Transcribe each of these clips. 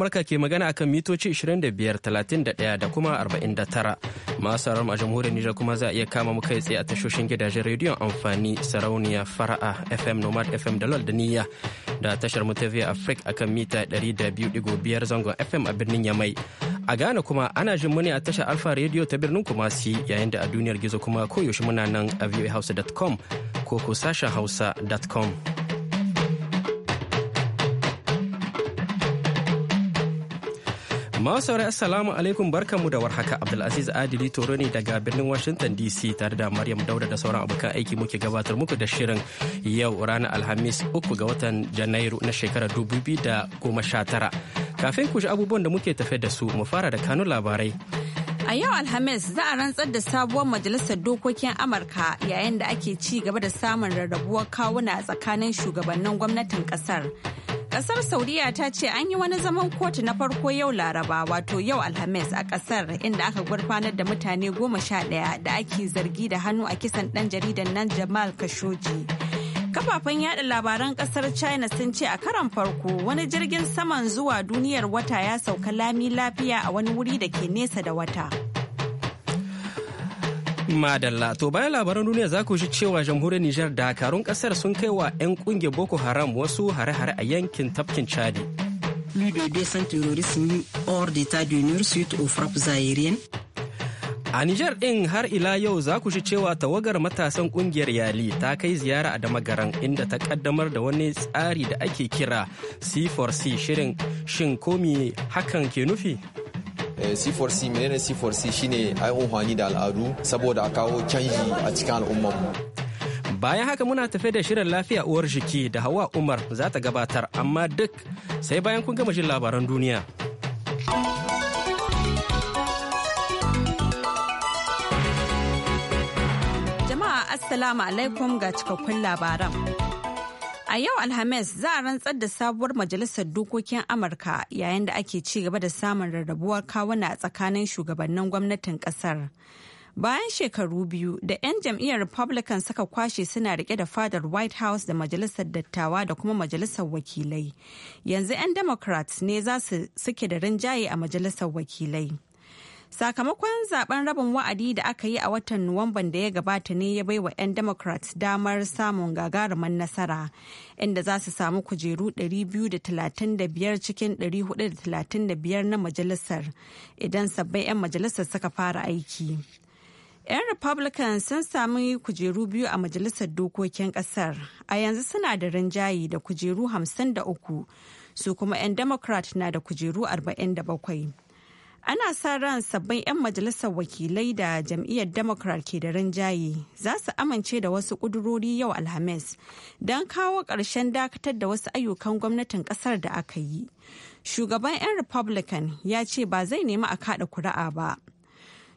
Amurka ke magana akan mitoci 25, 31 da kuma 49. Masu a jamhuriyar Nijar kuma za a iya kama mu kai tsaye a tashoshin gidajen rediyon amfani sarauniya fara'a FM Nomad FM da Lord da Niyya da tashar mu ta Via Africa akan mita 200.5 zangon FM a birnin Yamai. A Ghana kuma ana jin mu ne a tashar Alfa Radio ta birnin Kumasi yayin da a duniyar gizo kuma koyaushe muna nan a viewhouse.com ko ko sashen hausa.com. Masauri Assalamu alaikum barkanmu da warhaka Abdulaziz Adili Toro ne daga birnin Washington DC tare da Maryam Dauda da sauran abokan aiki muke gabatar muku da shirin yau ranar Alhamis uku ga watan Janairu na shekarar 2019. Kafin ku shi abubuwan da muke tafe da su mu fara da Kano labarai. A yau Alhamis za a rantsar da sabuwar majalisar dokokin Amurka yayin da ake ci gaba da samun rarrabuwar kawuna tsakanin shugabannin gwamnatin kasar. Kasar Saudiya ta ce an yi wani zaman kotu na farko yau Laraba wato yau Alhamis a kasar inda aka gurfanar da mutane goma sha ɗaya da ake zargi da hannu a kisan ɗan jaridan nan Jamal Khashoggi. Kafafen yada labaran kasar China sun ce a karan farko wani jirgin saman zuwa duniyar wata ya sauka lami lafiya a wani wuri da ke nesa da wata. Madalla to bayan labaran duniya za ku ji cewa jamhuriyar Nijar da dakarun kasar sun kai wa 'yan kungiyar Boko Haram wasu hare-hare a yankin tafkin Chadi. A Nijar ɗin har ila yau za ku shi cewa tawagar matasan ƙungiyar Yali ta kai ziyara a Damagaran inda ta ƙaddamar da wani tsari da ake kira C4C shirin shin komi hakan ke nufi? C4C eh, menene C4C shine ai umfani da al'adu saboda a kawo canji a cikin al'ummar mu. Bayan haka muna tafe da shirin lafiya uwar jiki da Hawa Umar za ta gabatar amma duk sai bayan kun gama jin labaran duniya. Jama'a Assalamu alaikum ga cikakkun labaran. A yau Alhamis za a rantsar da sabuwar majalisar dokokin Amurka yayin da ake ci gaba da samun rarrabuwar kawuna a tsakanin shugabannin gwamnatin kasar. Bayan shekaru biyu da 'yan jam'iyyar Republican suka kwashe suna rike da fadar White House da majalisar dattawa da kuma majalisar wakilai. Yanzu 'yan Democrats ne za su suke da rinjaye a majalisar wakilai. Sakamakon zaben rabin wa'adi da aka yi a watan Nuwamban da ya gabata ne ya baiwa 'yan Democrats damar samun gagarumin nasara, inda za su samu kujeru 235 cikin 435 na majalisar idan sabbin 'yan majalisar suka fara aiki. 'yan republican sun sami kujeru biyu a majalisar dokokin kasar a yanzu suna da rinjaye da kujeru 53 su kuma 'yan democrat na da kujeru 47 ana sa ran sabbin 'yan majalisar wakilai da jam'iyyar democrat ke da rinjaye za su amince da wasu ƙudurori yau alhamis don kawo ƙarshen dakatar da wasu ayyukan gwamnatin ƙasar da aka yi shugaban 'yan republican ya ce ba zai nemi a kada kuri'a ba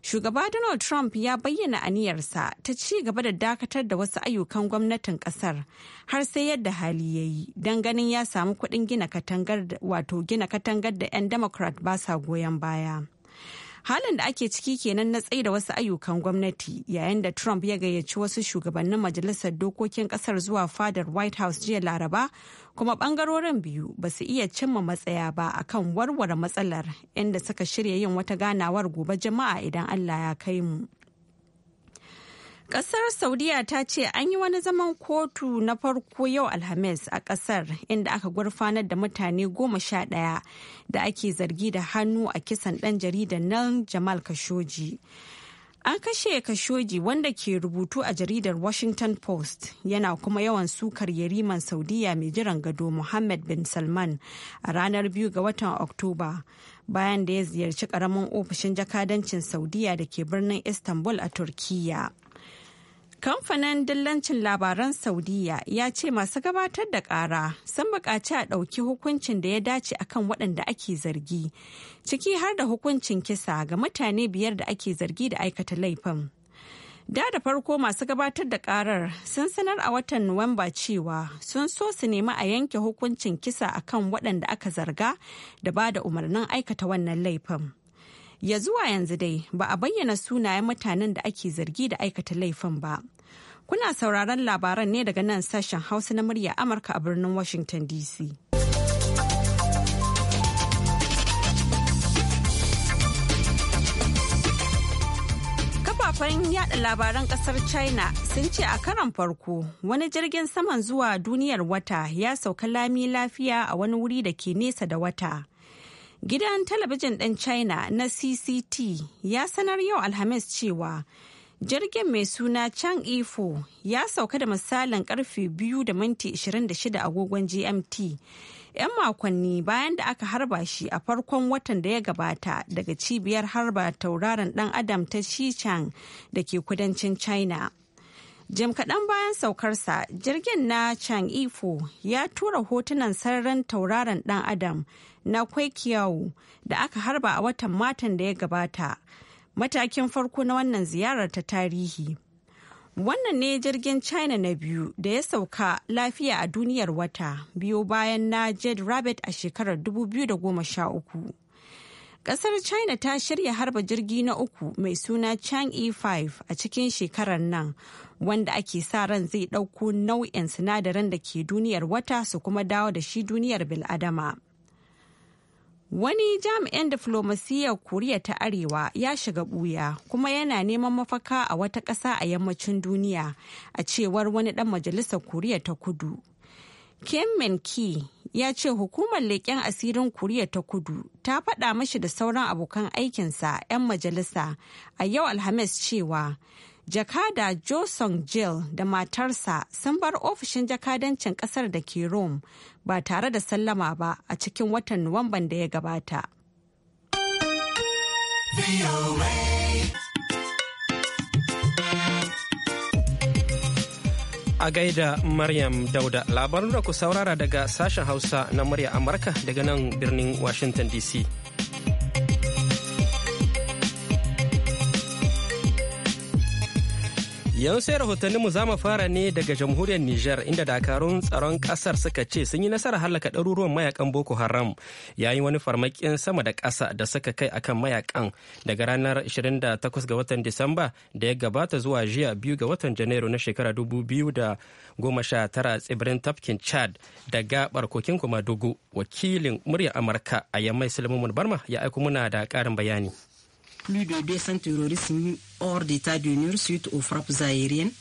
Shugaba Donald Trump ya bayyana aniyarsa ta ci gaba da dakatar da wasu ayyukan gwamnatin kasar har sai yadda hali ya yi don ganin ya samu kuɗin gina katangar wato gina katangar da 'yan Democrat ba sa goyon baya. halin da ake ciki kenan na tsaida wasu ayyukan gwamnati yayin da trump ya gayyaci wasu shugabannin majalisar dokokin kasar zuwa fadar white house jiya laraba kuma bangarorin biyu ba su iya cimma matsaya ba akan warware matsalar inda suka shirya yin wata ganawar gobe jama'a idan allah ya kai mu Kasar Saudiya ta ce an yi wani zaman kotu na farko yau Alhamis a kasar inda aka gurfanar da mutane goma sha ɗaya da ake zargi da hannu a kisan ɗan jaridan nan Jamal Khashoggi. An kashe kashoji wanda ke rubutu a jaridar Washington Post yana kuma yawan sukar yariman Saudiya mai jiran gado Mohammed bin Salman a ranar biyu ga watan Oktoba bayan da ya ziyarci ƙaramin ofishin jakadancin Saudiya da ke birnin Istanbul a Turkiyya. Kamfanin dillancin labaran Saudiya ya ce masu gabatar da ƙara sun buƙaci a ɗauki hukuncin da ya dace akan waɗanda ake zargi, ciki har da hukuncin kisa ga mutane biyar da ake zargi da aikata laifin. Da da farko masu gabatar da ƙarar sun sanar a watan Nuwamba cewa sun so su nemi a yanke hukuncin kisa akan waɗanda aka zarga da ba da umarnin aikata wannan laifin. ya zuwa yanzu dai ba a bayyana sunayen mutanen da ake zargi da aikata laifin ba kuna sauraron labaran ne daga nan sashen hausa na murya amurka a birnin washington dc kafafen yada labaran kasar china sun ce a karan farko wani jirgin saman zuwa duniyar wata ya sauka lami lafiya a wani wuri da ke nesa da wata Gidan talabijin ɗin China na CCT ya sanar yau Alhamis cewa jirgin mai suna Chang Ifo e ya sauka da misalin karfe biyu da minti 26 agogon GMT. 'Yan makonni bayan da aka harba shi a farkon watan da ya gabata daga cibiyar harba tauraron ɗan adam ta Xichang da ke kudancin China. jim kaɗan bayan saukarsa jirgin na ifo ya tura hotunan sararin tauraron ɗan adam na kwaikiyawu da aka harba a watan matan da ya gabata matakin farko na wannan ziyarar ta tarihi wannan ne jirgin china na biyu da ya sauka lafiya a duniyar wata biyo bayan na jade rabbit a shekarar 2013 Kasar China ta shirya harba jirgi na uku mai suna Chang'e 5 a cikin shekarar nan wanda ake sa ran zai ɗauko nau'in sinadaran da ke duniyar wata su kuma dawo da shi duniyar bil'adama. Wani jami'in diflomasiyyar Koriya ta Arewa ya shiga buya kuma yana neman mafaka a wata ƙasa a yammacin duniya a cewar wani ɗan majalisar Koriya ta Kudu. Kim Min Ki ya ce hukumar leƙen asirin Koriya ta kudu ta faɗa mashi da sauran abokan aikinsa 'yan majalisa a yau Alhamis cewa jakada Joseon Jill da matarsa sun bar ofishin jakadancin ƙasar da ke Rome ba tare da sallama ba a cikin watan Nuwamban da ya gabata. A gaida Maryam Dauda labarin da ku saurara daga sashen Hausa na murya Amurka daga nan birnin Washington DC. Yau sai rahotanninmu za mu fara ne daga jamhuriyar Nijar inda dakarun tsaron kasar suka ce sun yi nasarar halaka ɗaruruwan mayakan Boko Haram yayin wani farmakin sama da ƙasa da suka kai akan mayakan daga ranar 28 ga watan Disamba da ya gabata zuwa jiya biyu ga watan Janairu na shekara 2019 tsibirin tafkin Chad da gabar kokin Kumadugu wakilin murya Amurka a yammai Sulaiman Barma ya aiko muna da ƙarin bayani. plus de 200 terroristes mis hors d'état de suite aux frappes aériennes,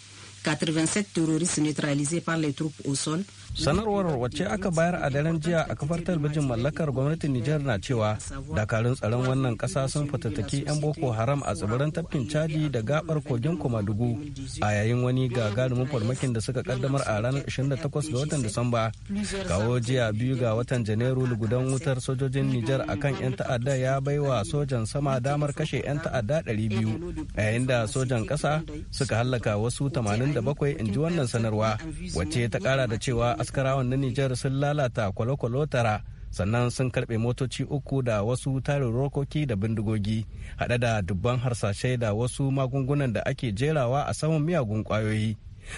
87 terroristes neutralisés par les troupes au sol, sanarwar wacce aka bayar a daren jiya a kafar talabijin mallakar gwamnatin nijar na cewa dakarun tsaron wannan kasa sun fatattaki 'yan boko haram a tsibirin tafkin caji da gabar kogin komadugu a yayin wani gagarumin farmakin da suka kaddamar a ranar 28 ga watan disamba kawo jiya biyu ga watan janairu lugudan wutar sojojin nijar akan 'yan ta'adda ya baiwa sojan sama damar kashe 'yan ta'adda 200 yayin da sojan kasa suka hallaka wasu 87 in ji wannan sanarwa wacce ta kara da cewa askarawan na Nijar sun lalata kwalokwalo tara sannan sun karɓe motoci uku da wasu tarin rokoki da bindigogi haɗe da dubban harsashe da wasu magungunan da ake jerawa a saman miyagun kwayoyi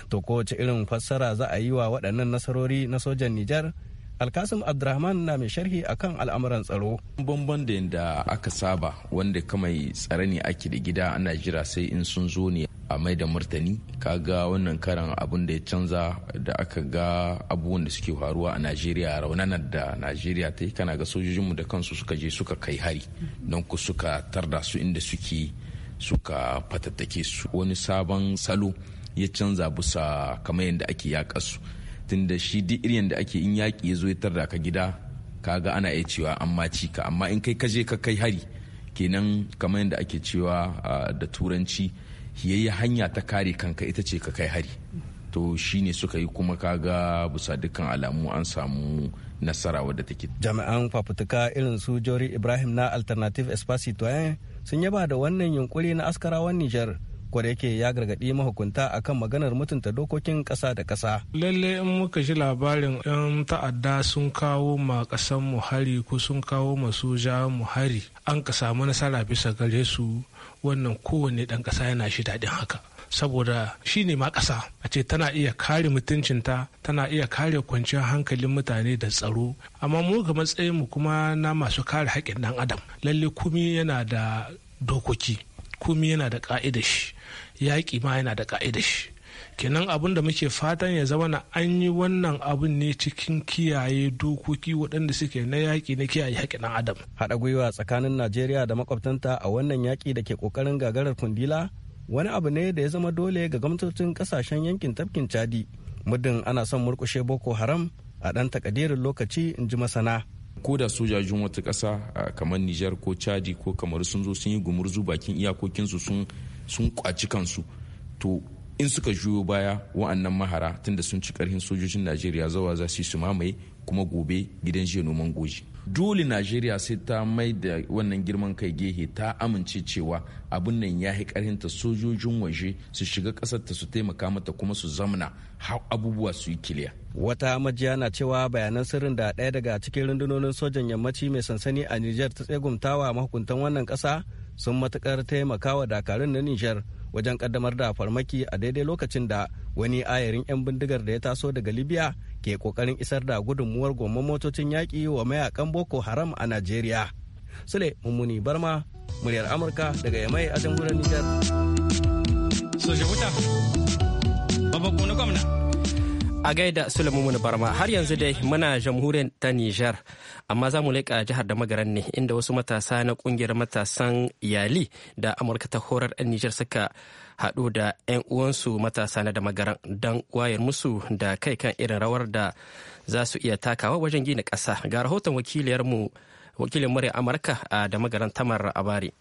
To kowace irin fassara za a yi wa waɗannan nasarori na sojan Nijar? alkasim abdurrahman na mai sharhi akan al'amuran tsaro bamban da yadda aka saba wanda kamai tsare ne ake da gida ana jira sai in sun zo ne a mai da martani ka ga wannan karan abun da ya canza da aka ga abubuwan da suke faruwa a najeriya raunanar da najeriya ta yi kana ga sojojinmu da kansu suka je suka kai hari don ku suka tarda su inda suke suka fatattake su wani sabon salo ya canza bisa kamar yadda ake yaƙa su tunda shi duk irin da ake in yaƙi ya zo ya tarda ka gida kaga ana iya cewa an maci ka amma in kai ka je ka kai hari kenan kamar yadda ake cewa ah, da turanci yayi hanya ta kare kanka ita ce ka kai hari to shine suka yi kuma kaga bisa dukkan alamu an samu nasara wadda take jami'an fafutuka irin su jori ibrahim na alternative espacito sun yaba da wannan yunkuri na askarawan niger kwada yake ya gargaɗi mahukunta akan maganar mutunta dokokin ƙasa da kasa. Lalle in muka ji labarin 'yan ta'adda sun kawo ma ƙasan mu hari ko sun kawo ma soja mu hari an ka samu nasara bisa gare su wannan kowanne ɗan ƙasa yana shi daɗin haka saboda shi ne ma ƙasa a ce tana iya kare mutuncinta tana iya kare kwanciyar hankalin mutane da tsaro amma mu ga mu kuma na masu kare haƙƙin ɗan adam lalle kumi yana da dokoki kumi yana da ƙa'idar shi yaƙi ma yana da ƙa'idar shi kenan abin da muke fatan ya zama na an yi wannan abin ne cikin kiyaye dokoki waɗanda suke na yaƙi na kiyaye haƙƙin ɗan adam haɗa gwiwa tsakanin najeriya da makwabtanta a wannan yaƙi da ke ƙoƙarin gagarar kundila wani abu ne da ya zama dole ga gwamnatocin ƙasashen yankin tafkin chadi muddin ana son murƙushe boko haram a ɗan takadirin lokaci in ji masana ko da sojajin wata ƙasa kamar nijar ko chadi ko kamar sun zo sun yi gumurzu bakin iyakokinsu sun kwaci kansu to in suka juyo baya wa'annan mahara tunda sun ci karhin sojojin najeriya zawa za su yi su mamaye kuma gobe gidan jiya noman goji dole najeriya sai ta mai da wannan girman kai gehe ta amince cewa abin nan ya yi ta sojojin waje su shiga ta su taimaka mata kuma su zamana har abubuwa su yi kiliya wata majiya na cewa bayanan sirrin da ɗaya daga cikin rundunonin sojan yammaci mai sansani a niger ta tsegumtawa mahukuntan wannan ƙasa sun matukar taimakawa dakarun na niger wajen kaddamar da farmaki a daidai lokacin da wani ayarin 'yan bindigar da ya taso daga libya ke kokarin isar da gudunmuwar goma motocin yaƙi wa mayakan boko haram a najeriya sule mummuni barma muryar amurka daga yamai a jamhuriyar nijar a gaida Sulaimu Barma har yanzu dai muna jamhuriyar ta Nijar amma za mu leƙa jihar da magaran ne inda wasu matasa na kungiyar matasan iyali da Amurka ta horar 'yan Nijar suka haɗu da 'yan uwansu matasa na da magaran don wayar musu da kai kan irin rawar da za su iya takawa wajen gina ƙasa ga rahoton wakiliyarmu wakilin murya Amurka a da magaran Tamar Abari.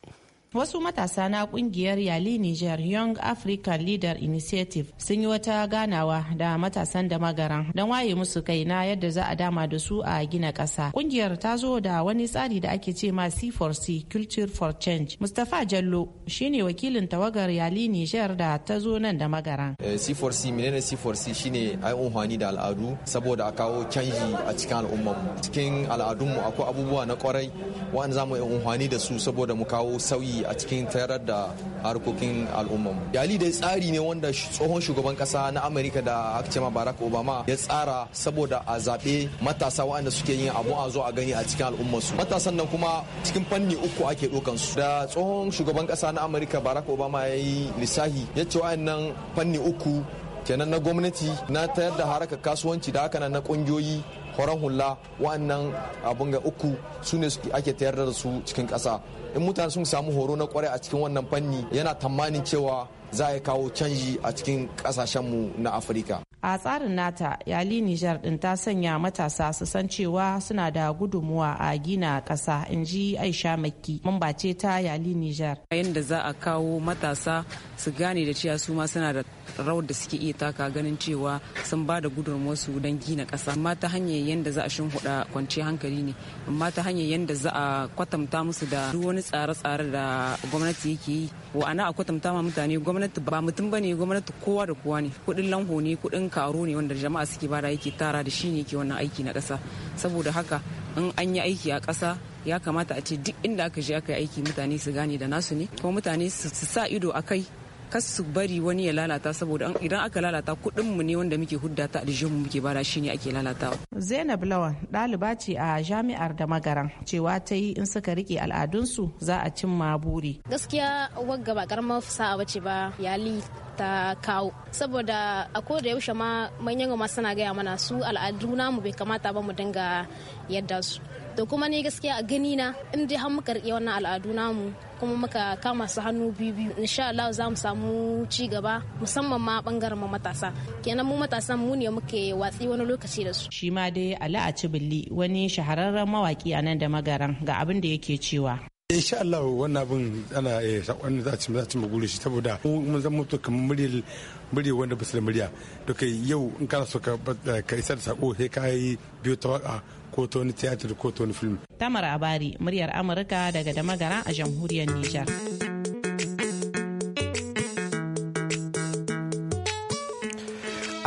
wasu matasa na kungiyar yali niger young african leader initiative sun yi wata ganawa da matasan da magaran don waye musu kai na yadda za a dama da su a gina ƙasa kungiyar ta zo da wani tsari da ake ce ma c4c culture for change mustapha jallo shine wakilin tawagar yali niger da ta zo nan da magaran c4c eh, menene c4c shine ai unhwani da al'adu saboda a kawo canji a cikin al'umma cikin al'adunmu akwai abubuwa na kwarai wa'anda za mu yi unhwani da su saboda mu kawo sauyi a cikin tayar da harkokin al'ummar mu yali dai tsari ne wanda tsohon shugaban kasa na amerika da aka ce barack obama ya tsara saboda a zaɓe matasa waɗanda suke yin abu a zo a gani a cikin al'ummarsu matasan nan kuma cikin fanni uku ake ɗaukan su da tsohon shugaban kasa na amurka barack obama ya yi lissahi ya ce wa'annan fanni uku kenan na gwamnati na tayar da harakar kasuwanci da haka na kungiyoyi horon hula wannan abin ga uku su ne ake tayar da su cikin ƙasa in mutane sun samu horo na kwarai a cikin wannan fanni yana tamanin cewa za a kawo canji a cikin kasashenmu na afirka a tsarin nata yali nijar din ta sanya matasa su san cewa suna da gudunmuwa a gina kasa in ji aisha makki mamba ce ta yali nijar yayin da za a kawo matasa su gane da cewa su ma suna da rawar da suke iya taka ganin cewa sun ba da su don gina kasa. amma ta hanyar yadda za a shimfiɗa kwanci hankali ne amma ta hanyar yadda za a kwatanta musu da duk wani tsare-tsare da gwamnati yake yi wa'ana a akwai tamtama mutane gwamnati ba mutum ba ne gwamnati kowa da kowa ne kudin lanho ne kudin karo ne wanda jama'a suke bada yake tara da shi ne ke wannan aiki na kasa saboda haka in an yi aiki a kasa ya kamata a ce duk inda aka je aka yi aiki mutane su gane da nasu ne kuma mutane su sa ido a kai kas su bari wani ya lalata saboda idan aka lalata kuɗin mu ne wanda muke hudda ta aljihun muke bara shi ake lalata. Zainab Lawan ɗaliba ce a jami'ar da magaran cewa ta yi in suka rike al'adunsu za a cin ma buri. Gaskiya wagga ba karamar sa'a bace ba yali ta kawo saboda a ko da yaushe ma manyan ma suna gaya mana su al'adu namu bai kamata ba mu dinga yadda su to kuma ni gaskiya a gani na in dai har muka rike wannan al'adu namu kuma muka kama su hannu biyu biyu insha Allah za mu samu ci gaba musamman ma bangaren mu matasa kenan mu matasan mu ne muke watsi wani lokaci da su shi ma dai Ali Acibilli wani shahararren mawaki a nan da magaran ga abin da yake cewa insha Allah wannan abin ana eh, sakon za ci za a mu gure shi saboda mun zan mutu kamar muri muri wanda ba su da murya to kai yau in kana so ka eh, isar da sako sai ka yi biyu ta waka ko to ni tiyatar ko to ni film. Tamar Abari muryar Amurka daga Damagara a jamhuriyar Niger.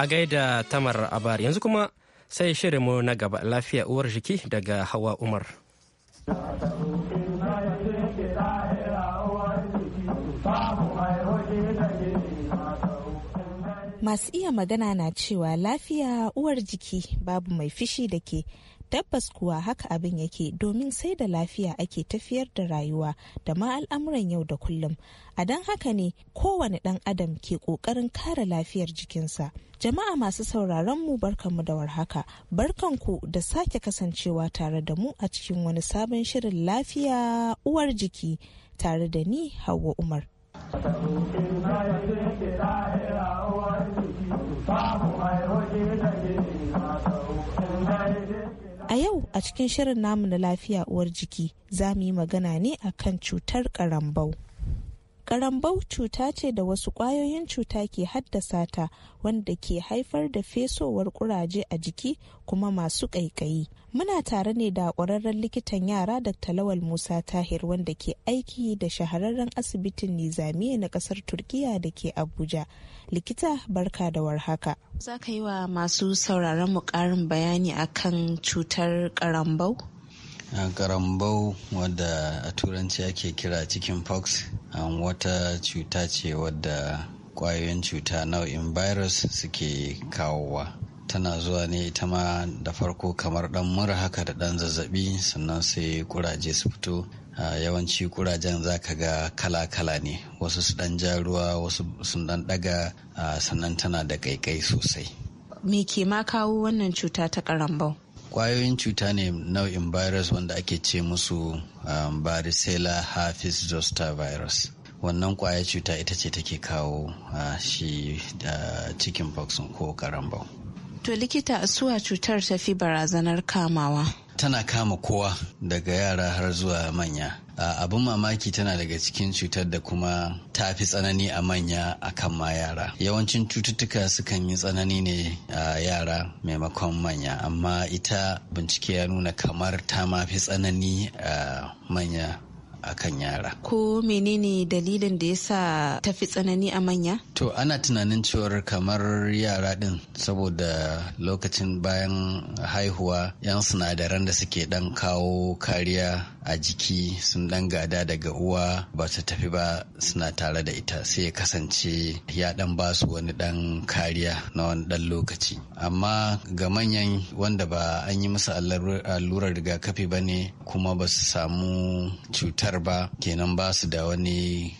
A gaida Tamar Abari yanzu kuma sai shirinmu na gaba lafiya uwar jiki daga Hawa Umar. masu iya magana na cewa lafiya uwar jiki babu mai fishi da ke tabbas kuwa haka abin yake domin sai da lafiya ake tafiyar da rayuwa da ma al'amuran yau da kullum a don haka ne kowane ɗan adam ke ƙoƙarin kare lafiyar jikinsa jama'a masu sauraron mu barkanmu da warhaka barkanku da sake kasancewa tare da mu a cikin wani sabon shirin lafiya uwar jiki tare da ni hawa umar A yau a cikin shirin namu na lafiya uwar jiki za mu yi magana ne akan cutar karambau. Karambau cuta ce da wasu ƙwayoyin cuta ke haddasa ta wanda ke haifar da fesowar kuraje a jiki kuma masu ƙaiƙayi. Muna tare ne da ƙwararren likitan yara Dr. Lawal Musa Tahir wanda ke aiki da shahararren asibitin Nizamiya na ƙasar Turkiya da ke Abuja. Likita barka da warhaka. Za ka yi wa masu sauraron mu ƙarin bayani akan cutar karambau? karambau wadda a turanci ake kira cikin fox um, wata cuta ce wadda kwayoyin cuta nau'in virus suke kawowa tana zuwa ne ita ma da farko kamar dan mura haka da dan zazzabi sannan sai kuraje su fito yawanci kurajen za ka ga kala-kala ne wasu su dan ja ruwa wasu sun dan daga sannan tana da kaikai sosai me ke ma kawo wannan cuta ta karambau kwayoyin cuta ne nau'in virus wanda ake ce musu um, varicella herpes zoster virus wannan kwaya cuta ita ce take kawo uh, shi da uh, chicken pox ko karambau to likita suwa cutar tafi barazanar kamawa tana kama kowa daga yara har zuwa manya Ah, abin mamaki tana daga cikin cutar da kuma ta fi tsanani a manya a kan ma yara yawancin cututtuka sukan yi tsanani ne a ah, yara maimakon manya amma ita bincike ya nuna kamar ta ma fi tsanani a manya akan yara. Ko menene dalilin da ya ta fi tsanani a manya? To ana tunanin cewar kamar yara din saboda lokacin bayan haihuwa yan sinadaran da suke ɗan kawo kariya a jiki sun dan gada daga uwa ba su tafi ba suna tare da ita sai ya kasance ya dan ba su wani dan kariya na wani dan lokaci amma ga manyan wanda ba an yi musu allurar rigakafi ba ne kuma ba su samu cutar cutar ba kenan ba su da wani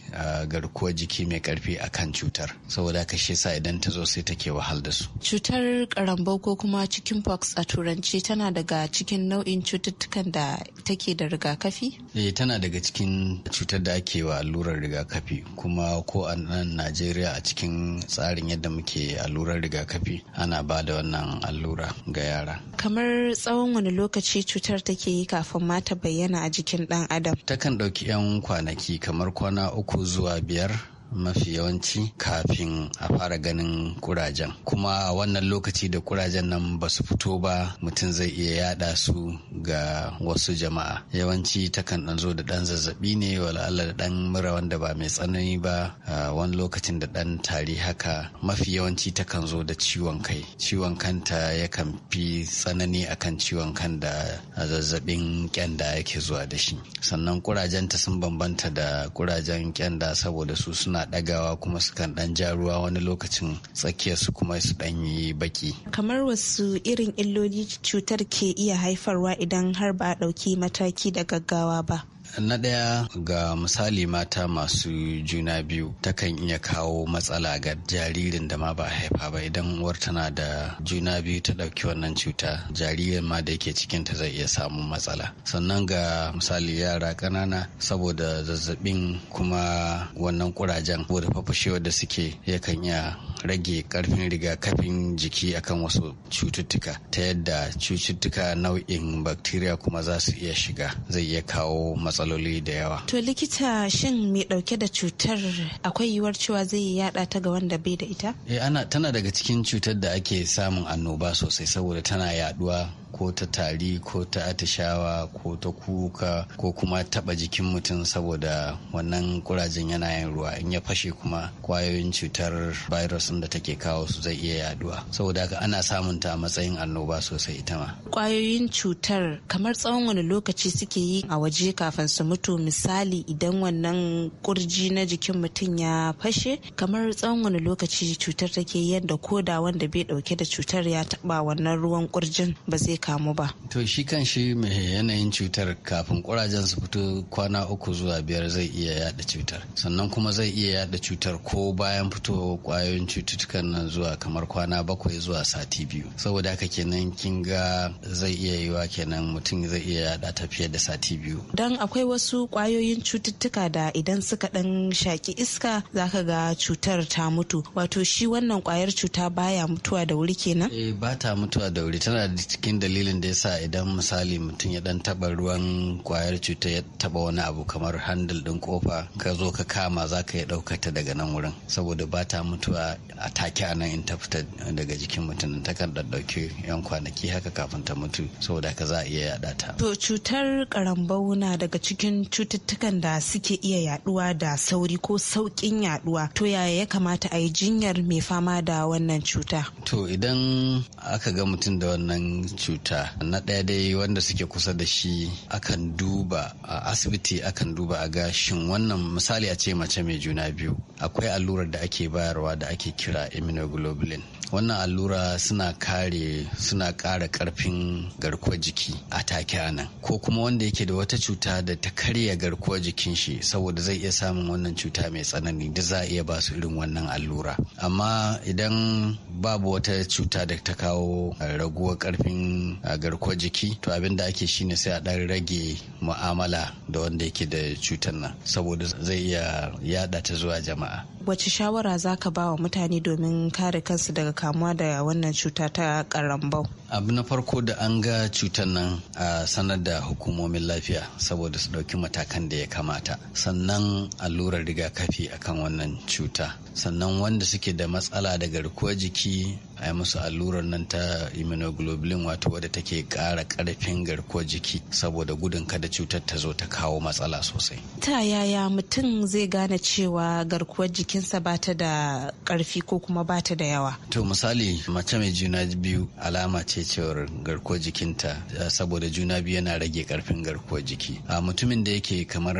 garkuwar jiki mai karfi a kan cutar saboda ka shi sa idan ta zo sai take wahal da su cutar karambau ko kuma chicken pox a turanci tana daga cikin nau'in cututtukan da take da rigakafi eh tana daga cikin cutar da ake wa allurar rigakafi kuma ko a nan Najeriya a cikin tsarin yadda muke allurar rigakafi ana ba da wannan allura ga yara kamar tsawon wani lokaci cutar take yi kafin ma ta bayyana a jikin dan adam takan ɗauki 'yan kwanaki kamar kwana uku zuwa biyar mafi yawanci kafin a fara ganin kurajen kuma wannan lokaci da kurajen nan ba su fito ba mutum zai iya yada su ga wasu jama'a yawanci takan dan zo da dan zazzabi ne wala da dan mura wanda ba mai tsanani ba wani lokacin da dan tari haka mafi yawanci takan zo da ciwon kai ciwon kanta yakan fi tsanani akan ciwon kan da zazzabin kyanda yake zuwa da shi sannan kurajenta sun bambanta da kurajen kyanda saboda su suna suna ɗagawa kuma sukan ɗan ja ruwa wani lokacin tsakiyarsu kuma su ɗan yi baki. Kamar wasu irin illoli cutar ke iya haifarwa idan har ba a ɗauki mataki da gaggawa ba. na ɗaya ga misali mata masu juna biyu takan iya kawo matsala ga jaririn da ma ba haifa ba idan uwar tana da juna biyu ta ɗauki wannan cuta jaririn ma da yake cikinta zai iya samun matsala sannan ga misali yara ƙanana saboda zazzabin kuma wannan kurajen saboda fafashewar da suke yakan iya rage karfin rigakafin jiki akan wasu cututtuka ta yadda cututtuka nau'in bakteriya kuma za su iya shiga zai iya kawo matsaloli da yawa. To likita shin mai dauke da cutar akwai yiwuwar cewa zai yada ta ga wanda bai da ita? Eh ana tana daga cikin cutar da ake samun annoba sosai saboda tana yaduwa ko ta tari ko ta atishawa ko ta kuka ko kuma taba jikin mutum saboda wannan kurajen yana yin ruwa in ya fashe kuma kwayoyin cutar virus da take kawo su zai iya yaduwa saboda haka ana samun ta matsayin annoba sosai ita ma kwayoyin cutar kamar tsawon wani lokaci suke yi a waje kafin su mutu misali idan wannan kurji na jikin mutum ya fashe kamar tsawon wani lokaci cutar take yadda koda wanda bai dauke da cutar ya taba wannan ruwan kurjin ba zai kamu ba. To shi kan shi mai yanayin cutar kafin kurajen su fito kwana uku zuwa biyar zai iya yada cutar. Sannan kuma zai iya yada cutar ko bayan fito kwayoyin cututtukan nan zuwa kamar kwana bakwai zuwa sati biyu. Saboda haka kenan kin ga zai iya yiwa kenan mutum zai iya yada ta fiye da sati biyu. Dan akwai wasu kwayoyin cututtuka da idan suka dan shaki iska zaka ga cutar ta mutu. Wato shi wannan kwayar cuta baya mutuwa da wuri kenan? Eh ba ta mutuwa da wuri tana da cikin da dalilin da yasa idan misali mutum ya dan taba ruwan kwayar cuta ya taba wani abu kamar handle din kofa ka zo ka kama za ka iya ɗauka ta daga nan wurin saboda ba ta mutuwa a take a nan in ta fita daga jikin mutum ta kan ɗauki yan kwanaki haka kafin ta mutu saboda ka za a iya yaɗa ta. To cutar karambau na daga cikin cututtukan da suke iya yaɗuwa da sauri ko sauƙin yaɗuwa to yaya ya kamata a yi jinyar mai fama da wannan cuta? To idan aka ga mutum da wannan cuta cuta na ɗaya dai wanda suke kusa da shi akan duba a asibiti akan duba a gashin wannan misali a ce mace mai juna biyu akwai allurar da ake bayarwa da ake kira immunoglobulin wannan allura suna kare suna ƙara ƙarfin garkuwar jiki a take nan ko kuma wanda yake da wata cuta da ta karya garkuwar jikin shi saboda zai iya samun wannan cuta mai tsanani da za a iya ba su irin wannan allura amma idan babu wata cuta da ta kawo raguwar ƙarfin a garkuwar jiki to abin da ake shine sai a dan rage mu'amala da wanda yake da cutar nan saboda zai iya yada ta zuwa jama'a wace shawara za ka ba wa mutane domin kare kansu daga kamuwa da wannan cuta ta karambau abu na farko da an ga cutar nan a sanar da hukumomin lafiya saboda su ɗauki matakan da ya kamata sannan allurar rigakafi akan wannan cuta sannan wanda suke da matsala da garkuwar jiki a yi musu allurar nan ta immunoglobulin wato wadda take kara karfin garkuwar jiki saboda gudun kada cutar ta zo ta kawo matsala sosai. Ta yaya mutum zai gane cewa garkuwar jikinsa ba ta da ƙarfi ko kuma ba ta da yawa? To misali mace mai juna biyu alama ce cewar garkuwar jikinta eh, saboda juna biyu yana rage karfin garkuwar jiki. A mutumin da yake kamar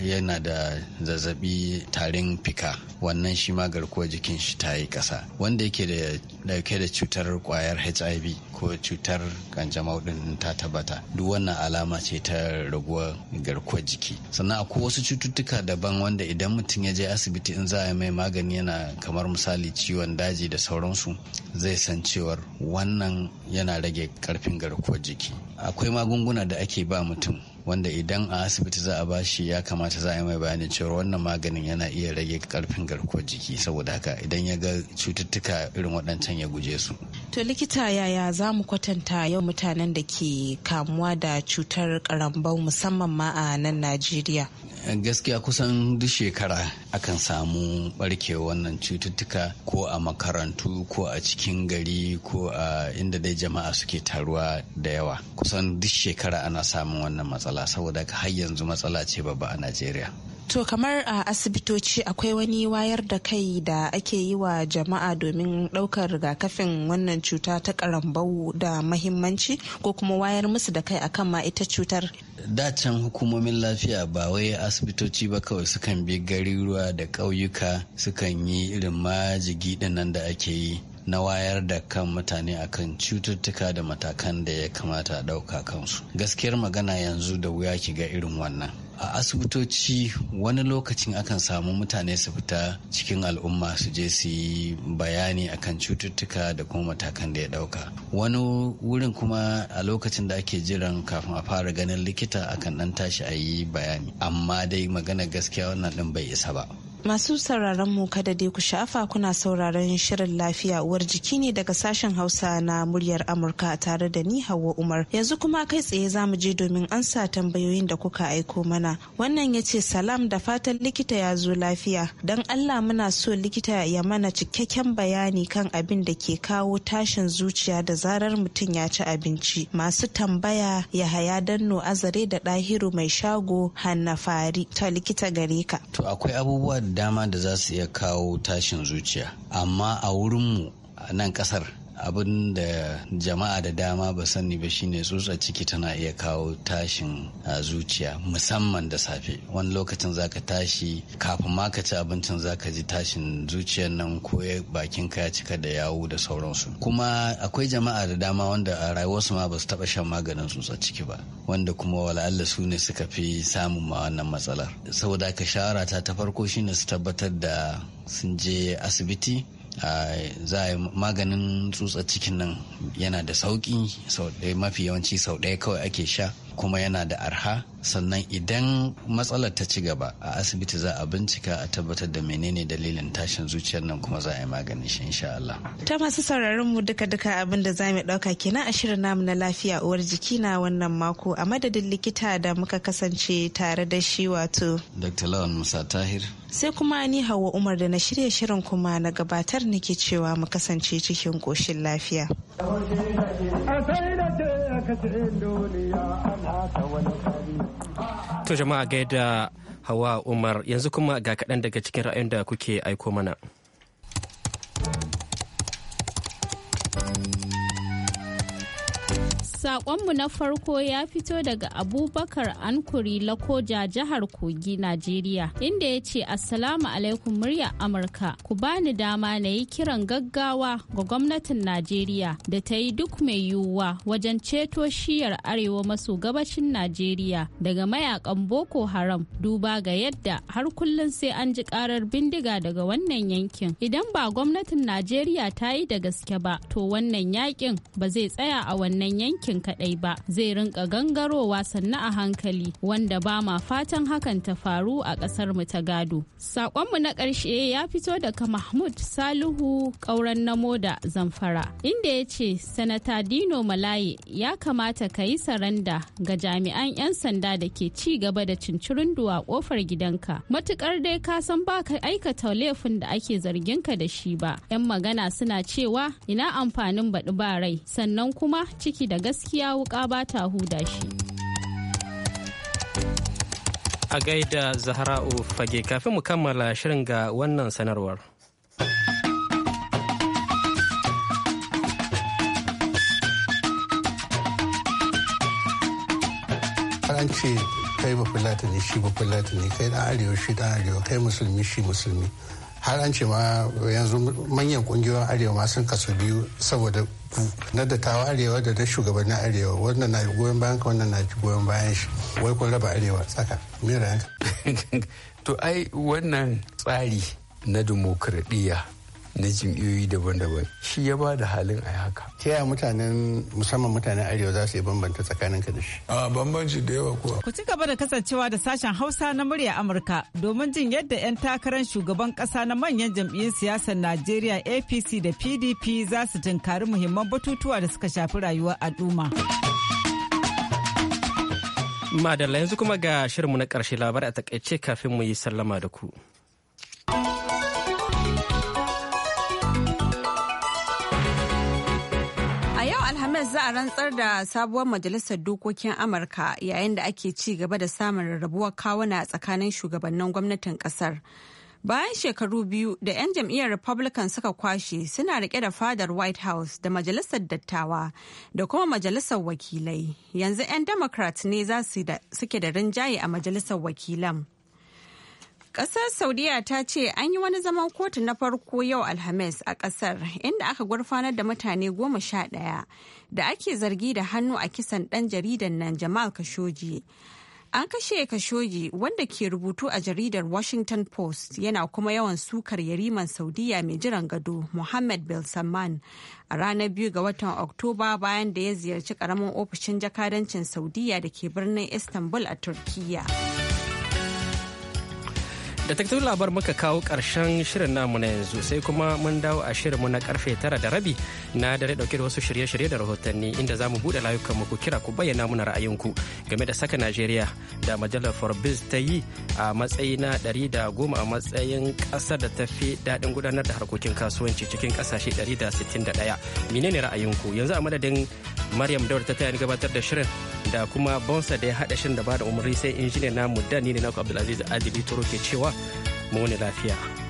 yana da zazzabi tarin fika wannan shi ma garkuwar jikin shi ta yi ƙasa. Wanda yake da dauke da cutar kwayar hiv ko cutar kanjamau din ta tabbata duk wannan alama ce ta raguwar garkuwar jiki sannan akwai wasu cututtuka daban wanda idan mutum ya je asibiti in za a mai magani yana kamar misali ciwon daji da sauransu zai san cewar wannan yana rage karfin garkuwar jiki akwai magunguna da ake ba mutum wanda idan a asibiti za a ba shi ya kamata za a yi mai bayanin cewa wannan maganin yana iya rage karfin garkuwar jiki saboda haka idan ya ga cututtuka irin waɗancan ya guje su. To likita yaya za mu kwatanta yau mutanen da ke kamuwa da cutar karambau musamman ma a nan Najeriya? gaskiya kusan duk shekara akan samu barke wannan cututtuka ko a makarantu ko a cikin gari ko a inda dai jama'a suke taruwa da yawa kusan duk shekara ana samun wannan matsala saboda har yanzu matsala ce babba a najeriya To kamar a asibitoci akwai wani wayar da kai da ake yi wa jama'a domin ɗaukar rigakafin wannan cuta ta karambau da mahimmanci ko kuma wayar musu da kai akan ma ita cutar. Dacen hukumomin lafiya ba wai asibitoci ba kawai sukan bi garuruwa da ƙauyuka sukan yi irin majigi nan da ake yi. na wayar da kan mutane akan cututtuka da matakan da ya kamata a ɗauka kansu gaskiyar magana yanzu da wuya ki ga irin wannan a asibitoci wani lokacin akan samu mutane su fita cikin al'umma su je su yi bayani akan cututtuka da kuma matakan da ya dauka wani wurin kuma a lokacin da ake jiran kafin a fara ganin likita akan dan tashi a yi bayani amma dai magana gaskiya wannan din bai isa ba Masu sauraron mu kada dai ku shafa kuna sauraron shirin lafiya uwar jiki ne daga sashen Hausa na muryar Amurka tare da ni Hauwa Umar. Yanzu kuma kai tsaye za mu je domin ansa tambayoyin da kuka aiko mana. Wannan ya ce salam da fatan likita ya zo lafiya. Don Allah muna so likita ya mana cikakken bayani kan abin da ke kawo tashin zuciya da zarar mutum ya ci abinci. Masu tambaya ya haya danno azare da ɗahiru mai shago hannafari ta likita gare ka. To akwai abubuwan dama da za su iya kawo tashin zuciya amma a wurinmu nan kasar abin da jama'a da dama ba sani ba shine tsutsar ciki tana iya kawo tashin zuciya musamman da safe wani lokacin zaka tashi kafin ma ka ci abincin zaka ji tashin zuciyar nan ko bakin ka ya cika da yawu da sauransu kuma akwai jama'a da dama wanda a rayuwarsu ma ba su taba shan maganin tsutsar ciki ba wanda kuma wala'alla su ne suka fi samun ma wannan matsalar saboda ka shawara ta ta farko shine su tabbatar da sun je asibiti za a yi maganin tsutsa cikin nan yana da sauki mafi yawanci sau ɗaya kawai ake sha kuma yana da arha sannan idan matsalar ta ci gaba a asibiti za a bincika a tabbatar da menene dalilin tashin zuciyar nan kuma za a yi maganin shi insha Allah. Ta masu sauraron mu duka duka abin da za mu dauka kenan a shirin namu na lafiya uwar jiki na wannan mako a madadin likita da muka kasance tare da shi wato. Dr. Lawan Musa Tahir. Sai kuma ni Hauwa Umar da na shirya shirin kuma na gabatar nake cewa mu kasance cikin koshin lafiya. To jama'a gaida Hawa Umar yanzu kuma ga kaɗan daga cikin ra'ayin da kuke aiko mana. Sakonmu na farko ya fito daga Abubakar Ankuri Lakoja jihar Kogi, Najeriya, inda ya ce Assalamu alaikum murya Amurka, ku bani dama na yi kiran gaggawa ga gwamnatin Najeriya da ta yi duk mai yiwuwa wajen ceto shiyar arewa maso gabashin Najeriya daga mayakan Boko Haram duba ga yadda har kullum sai an ji karar bindiga daga wannan yankin. Idan ba gwamnatin Najeriya ta yi da gaske ba, to wannan yakin ba zai tsaya a wannan yankin gwamnatin kaɗai ba zai rinka gangarowa sannu a hankali wanda ba ma fatan hakan ta faru a ƙasar mu ta gado. Saƙonmu na ƙarshe ya fito daga Mahmud Salihu ƙauren na moda Zamfara inda ya ce Sanata Dino Malaye ya kamata ka yi saranda ga jami'an 'yan sanda da ke ci gaba da cincirin duwa ƙofar gidanka. Matuƙar dai ka san ba ka aikata laifin da ake zargin ka da shi ba. 'Yan magana suna cewa ina amfanin baɗi ba rai sannan kuma ciki da gaske. gaskiya wuka ba ta huda shi a gaida zahra'u fage kafin mu kammala shirin ga wannan sanarwar an ce kai ba fulata ne shi ba fulata ne kai da arewa shi da arewa kai musulmi shi musulmi har an ce ma yanzu manyan kungiyoyin arewa ma sun kaso biyu saboda ku na dattawa arewa da na shugabannin arewa wannan na goyon bayan ka wannan na goyon bayan shi wai kun raba arewa tsaka mera to ai wannan tsari na dimokuraɗiyya na jam'iyyoyi daban-daban shi ya ba da halin a haka. ta yaya mutanen musamman mutanen arewa za su yi bambanta tsakanin ka da shi. a bambanci da yawa kuwa. ku ci gaba da kasancewa da sashen hausa na murya amurka domin jin yadda 'yan takarar shugaban kasa na manyan jam'iyyun siyasar najeriya apc da pdp za su tunkari muhimman batutuwa da suka shafi rayuwar al'umma. madalla yanzu kuma ga shirinmu na ƙarshe labar a takaice kafin mu yi sallama da ku. a rantsar da sabuwar majalisar dokokin Amurka yayin da ake ci gaba da samun rarrabuwar kawuna a tsakanin shugabannin gwamnatin kasar. Bayan shekaru biyu da 'yan jam'iyyar Republican suka kwashe suna rike da fadar White House da majalisar dattawa da kuma majalisar wakilai. Yanzu 'yan Democrat ne za suke da rinjaye a majalisar wakilan. Ƙasar Saudiya ta ce an yi wani zaman kotu na farko yau Alhamis a ƙasar inda aka gurfanar da mutane goma sha ɗaya da ake zargi da hannu a kisan ɗan jaridan nan Jamal Khashoggi. An kashe Khashoggi wanda ke rubutu a jaridar Washington Post yana kuma yawan sukar yariman Saudiya mai jiran gado Mohammed bin a ranar biyu ga watan Oktoba bayan da ya ziyarci ƙaramin ofishin jakadancin Saudiya da ke birnin Istanbul a Turkiyya. da taktun labar muka kawo ƙarshen shirin namu na yanzu sai kuma mun dawo a shirin mu na karfe tara da rabi na dare ɗauke da wasu shirye-shirye da rahotanni inda za mu buɗe layukan ku kira ku bayyana muna ra'ayinku game da saka najeriya da majalar forbes ta yi a matsayi na ɗari da goma a matsayin ƙasar da ta fi daɗin gudanar da harkokin kasuwanci cikin ƙasashe ɗari da sittin da ɗaya menene ra'ayinku yanzu a madadin maryam daura ta taya gabatar da shirin da kuma bonsa da ya haɗa shan da ba da umarni sai injiniya namu da ni ne naku abdulaziz adili toro ke cewa mu wani lafiya.